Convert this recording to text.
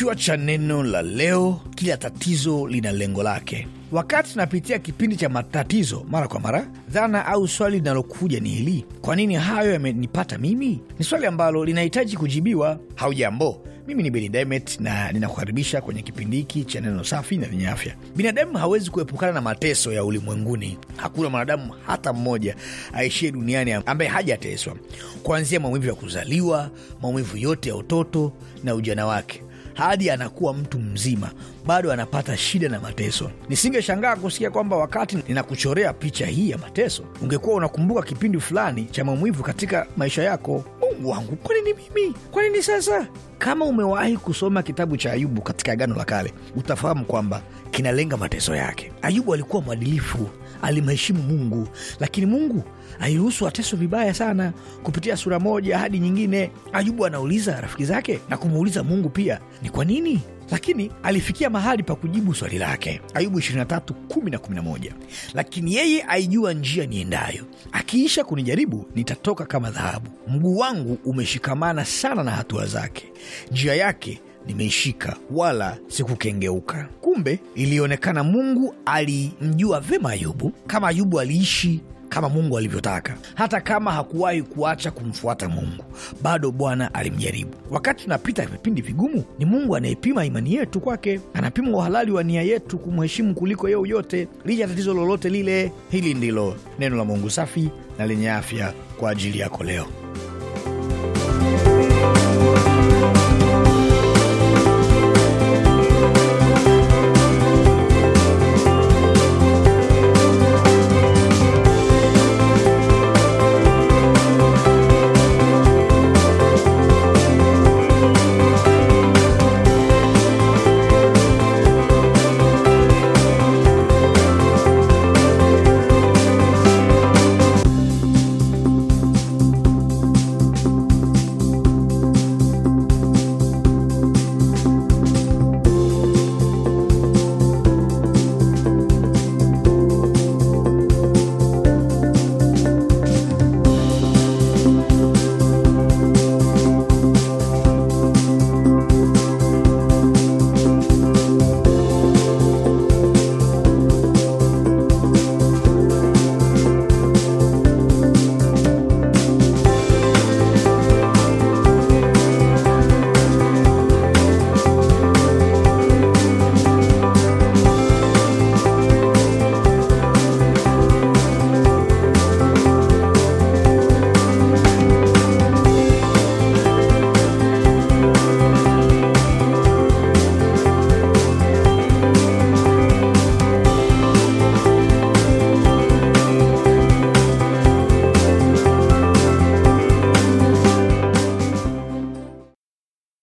Kichwa cha neno la leo: kila tatizo lina lengo lake. Wakati tunapitia kipindi cha matatizo mara kwa mara, dhana au swali linalokuja ni hili: kwa nini hayo yamenipata mimi? Ni swali ambalo linahitaji kujibiwa. Haujambo, mimi ni Beni Demet na ninakukaribisha kwenye kipindi hiki cha neno safi na lenye afya. Binadamu hawezi kuepukana na mateso ya ulimwenguni. Hakuna mwanadamu hata mmoja aishie duniani ambaye hajateswa, kuanzia maumivu ya kuzaliwa, maumivu yote ya utoto na ujana wake hadi anakuwa mtu mzima bado anapata shida na mateso. Nisingeshangaa kusikia kwamba wakati ninakuchorea picha hii ya mateso, ungekuwa unakumbuka kipindi fulani cha maumivu katika maisha yako. Mungu wangu, kwa nini mimi? Kwa nini sasa? Kama umewahi kusoma kitabu cha Ayubu katika Agano la Kale, utafahamu kwamba kinalenga mateso yake. Ayubu alikuwa mwadilifu, alimheshimu Mungu, lakini Mungu aliruhusu ateso vibaya sana. Kupitia sura moja hadi nyingine, Ayubu anauliza rafiki zake na kumuuliza Mungu pia, ni kwa nini lakini alifikia mahali pa kujibu swali lake, Ayubu 23 na 11: lakini yeye aijua njia niendayo, akiisha kunijaribu nitatoka kama dhahabu. Mguu wangu umeshikamana sana na hatua zake, njia yake nimeishika wala sikukengeuka. Kumbe ilionekana Mungu alimjua vema Ayubu, kama Ayubu aliishi kama Mungu alivyotaka. Hata kama hakuwahi kuacha kumfuata Mungu, bado Bwana alimjaribu. Wakati tunapita vipindi vigumu, ni Mungu anayepima imani yetu kwake, anapima uhalali wa nia yetu kumheshimu kuliko yeu yote, licha ya tatizo lolote lile. Hili ndilo neno la Mungu safi na lenye afya kwa ajili yako leo.